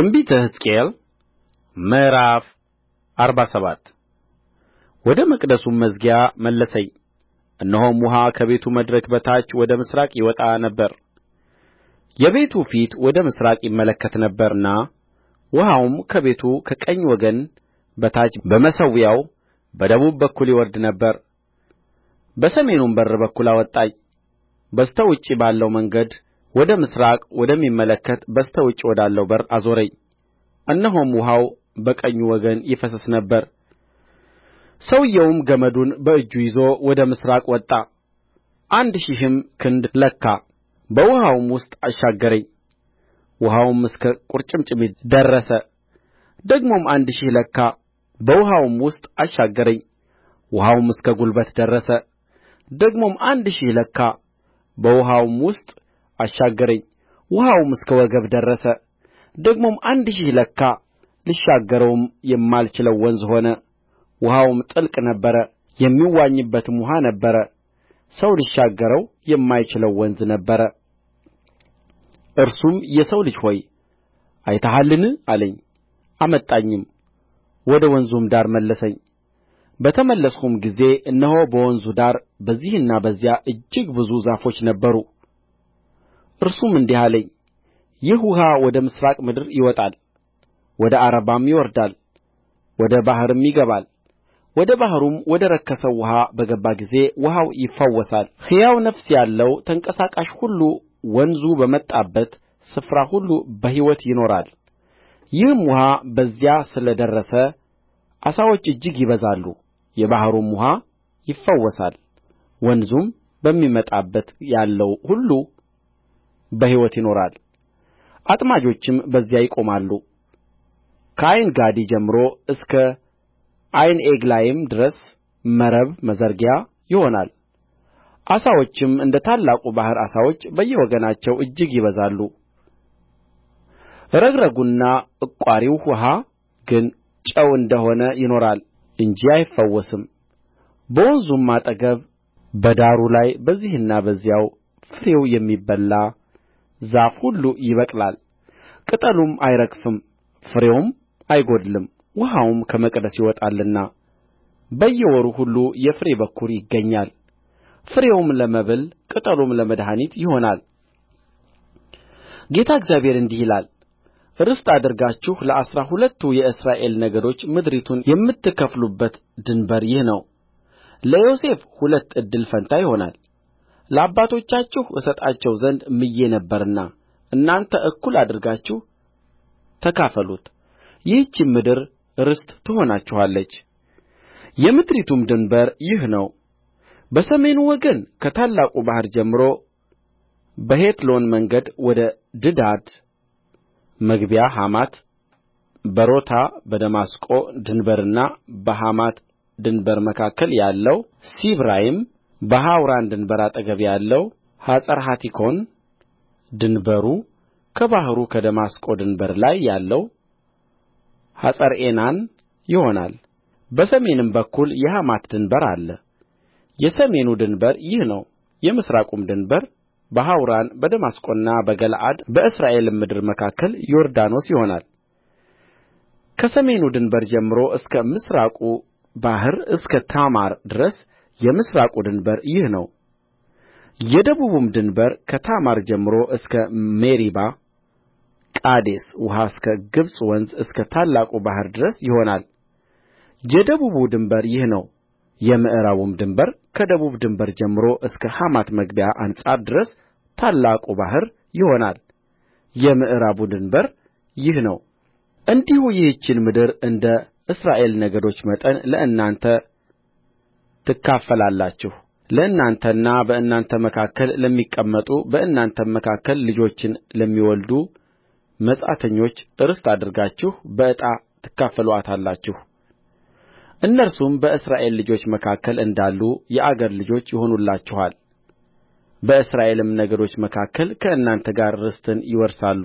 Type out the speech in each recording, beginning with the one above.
ትንቢተ ሕዝቅኤል ምዕራፍ አርባ ሰባት ወደ መቅደሱም መዝጊያ መለሰኝ እነሆም ውኃ ከቤቱ መድረክ በታች ወደ ምሥራቅ ይወጣ ነበር የቤቱ ፊት ወደ ምሥራቅ ይመለከት ነበርና ውኃውም ከቤቱ ከቀኝ ወገን በታች በመሠዊያው በደቡብ በኩል ይወርድ ነበር በሰሜኑም በር በኩል አወጣኝ በስተ ውጭ ባለው መንገድ ወደ ምሥራቅ ወደሚመለከት በስተ ውጭ ወዳለው በር አዞረኝ እነሆም ውኃው በቀኙ ወገን ይፈስስ ነበር ሰውየውም ገመዱን በእጁ ይዞ ወደ ምሥራቅ ወጣ አንድ ሺህም ክንድ ለካ በውኃውም ውስጥ አሻገረኝ ውኃውም እስከ ቍርጭምጭሚት ደረሰ ደግሞም አንድ ሺህ ለካ በውኃውም ውስጥ አሻገረኝ ውኃውም እስከ ጕልበት ደረሰ ደግሞም አንድ ሺህ ለካ በውኃውም ውስጥ አሻገረኝ ውኃውም እስከ ወገብ ደረሰ ደግሞም አንድ ሺህ ለካ ልሻገረውም የማልችለው ወንዝ ሆነ ውኃውም ጥልቅ ነበረ የሚዋኝበትም ውኃ ነበረ ሰው ሊሻገረው የማይችለው ወንዝ ነበረ እርሱም የሰው ልጅ ሆይ አይተሃልን አለኝ አመጣኝም ወደ ወንዙም ዳር መለሰኝ በተመለስሁም ጊዜ እነሆ በወንዙ ዳር በዚህና በዚያ እጅግ ብዙ ዛፎች ነበሩ እርሱም እንዲህ አለኝ ይህ ውኃ ወደ ምሥራቅ ምድር ይወጣል ወደ ዓረባም ይወርዳል ወደ ባሕርም ይገባል ወደ ባሕሩም ወደ ረከሰው ውኃ በገባ ጊዜ ውኃው ይፈወሳል ሕያው ነፍስ ያለው ተንቀሳቃሽ ሁሉ ወንዙ በመጣበት ስፍራ ሁሉ በሕይወት ይኖራል ይህም ውኃ በዚያ ስለ ደረሰ ዓሣዎች እጅግ ይበዛሉ የባሕሩም ውኃ ይፈወሳል ወንዙም በሚመጣበት ያለው ሁሉ በሕይወት ይኖራል አጥማጆችም በዚያ ይቆማሉ ከዓይንጋዲ ጀምሮ እስከ ዓይንኤግላይም ድረስ መረብ መዘርጊያ ይሆናል ዓሣዎችም እንደ ታላቁ ባሕር ዓሣዎች በየወገናቸው እጅግ ይበዛሉ ረግረጉና እቋሪው ውኃ ግን ጨው እንደ ሆነ ይኖራል እንጂ አይፈወስም በወንዙም አጠገብ በዳሩ ላይ በዚህና በዚያው ፍሬው የሚበላ ዛፍ ሁሉ ይበቅላል ቅጠሉም አይረግፍም ፍሬውም አይጐድልም ውኃውም ከመቅደስ ይወጣልና በየወሩ ሁሉ የፍሬ በኵር ይገኛል ፍሬውም ለመብል ቅጠሉም ለመድኃኒት ይሆናል ጌታ እግዚአብሔር እንዲህ ይላል ርስት አድርጋችሁ ለአሥራ ሁለቱ የእስራኤል ነገዶች ምድሪቱን የምትከፍሉበት ድንበር ይህ ነው ለዮሴፍ ሁለት እድል ፈንታ ይሆናል ለአባቶቻችሁ እሰጣቸው ዘንድ ምዬ ነበርና እናንተ እኩል አድርጋችሁ ተካፈሉት ይህችም ምድር ርስት ትሆናችኋለች የምድሪቱም ድንበር ይህ ነው በሰሜኑ ወገን ከታላቁ ባሕር ጀምሮ በሔትሎን መንገድ ወደ ድዳድ መግቢያ ሐማት በሮታ በደማስቆ ድንበርና በሐማት ድንበር መካከል ያለው ሲብራይም በሐውራን ድንበር አጠገብ ያለው ሐጸርሃቲኮን ድንበሩ ከባሕሩ ከደማስቆ ድንበር ላይ ያለው ሐጸርዔናን ይሆናል በሰሜንም በኩል የሐማት ድንበር አለ የሰሜኑ ድንበር ይህ ነው የምሥራቁም ድንበር በሐውራን በደማስቆና በገለዓድ በእስራኤልም ምድር መካከል ዮርዳኖስ ይሆናል ከሰሜኑ ድንበር ጀምሮ እስከ ምሥራቁ ባሕር እስከ ታማር ድረስ የምሥራቁ ድንበር ይህ ነው የደቡቡም ድንበር ከታማር ጀምሮ እስከ ሜሪባ ቃዴስ ውኃ እስከ ግብጽ ወንዝ እስከ ታላቁ ባሕር ድረስ ይሆናል የደቡቡ ድንበር ይህ ነው የምዕራቡም ድንበር ከደቡብ ድንበር ጀምሮ እስከ ሐማት መግቢያ አንጻር ድረስ ታላቁ ባሕር ይሆናል የምዕራቡ ድንበር ይህ ነው እንዲሁ ይህችን ምድር እንደ እስራኤል ነገዶች መጠን ለእናንተ ትካፈላላችሁ ለእናንተና በእናንተ መካከል ለሚቀመጡ በእናንተም መካከል ልጆችን ለሚወልዱ መጻተኞች ርስት አድርጋችሁ በዕጣ ትካፈሉአታላችሁ እነርሱም በእስራኤል ልጆች መካከል እንዳሉ የአገር ልጆች ይሆኑላችኋል በእስራኤልም ነገዶች መካከል ከእናንተ ጋር ርስትን ይወርሳሉ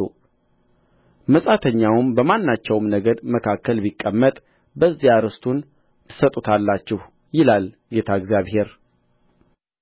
መጻተኛውም በማናቸውም ነገድ መካከል ቢቀመጥ በዚያ ርስቱን ትሰጡታላችሁ ይላል ጌታ እግዚአብሔር